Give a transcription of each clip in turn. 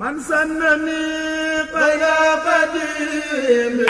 man sànnani qalaa qadiim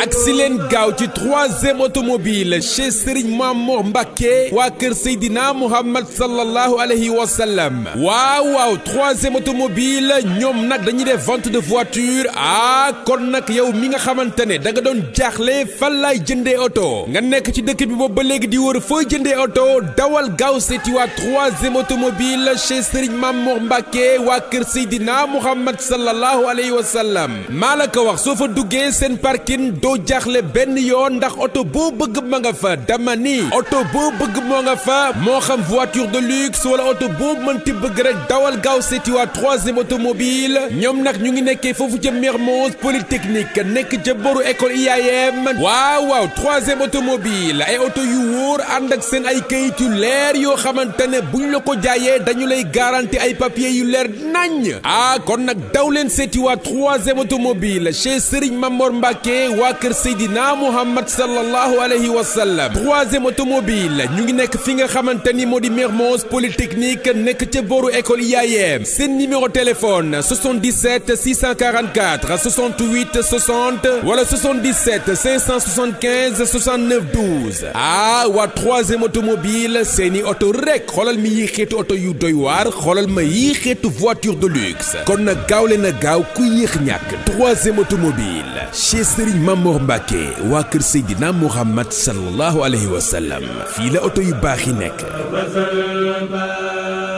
ak si leen gaaw ci troisième automobile chez Serigne Mamour Mbacké waa kër Seydina Mouhammad sallallahu alayhi wa sallam waaw waaw troisième automobile ñoom nag dañuy def vente de voiture ah kon nag yow mi nga xamante ne da nga doon jaaxle fan laay jëndee oto nga nekk ci dëkk bi boobu ba léegi di wër foo jëndee oto dawal gaaw seeti waa troisième automobile chez Serigne Mamour Mbacké waa kër Seydina Mouhammad sallallahu alayhi wa sallam maa la wax soo fa duggee seen parking doo jaaxle benn yoon ndax oto boo bëgg ma nga fa dama ni oto boo bëgg moo nga fa moo xam voiture de luxe wala oto boo mënti bëgg rek dawal gaaw seeti waa troisième automobile ñoom nag ñu ngi nekkee foofu ca Mermoz Polytechnique nekk ca boru école IAM waaw waaw troisième automobile ay oto yu wóor ànd ak seen ay kayit yu leer yoo xamante ne buñ la ko jaayee dañu lay garanti ay papier yu leer nañ ah kon nag daw leen seeti waa troisième automobile chez Serigne Mamor Mbacke marqué waa kër Seydina Mouhamed sallallahu alayhi wa sallam troisième automobile ñu ngi nekk fi nga xamante ni moo di Mermoz Polytechnique nekk ca booru école IAM seen numéro téléphone 77 644 68 60 wala 77 575 69 12 ah waa troisième automobile seeni oto rek xoolal mi yi xeetu oto yu doy waar xoolal ma yi xeetu voiture de luxe kon na gaaw leen a gaaw ku yéex ñàkk troisième automobile chez Serigne Mamor Mbacke waa kër Seydina Muhammad sallallahu alayhi wa sallam fii la oto yu baax yi nekk.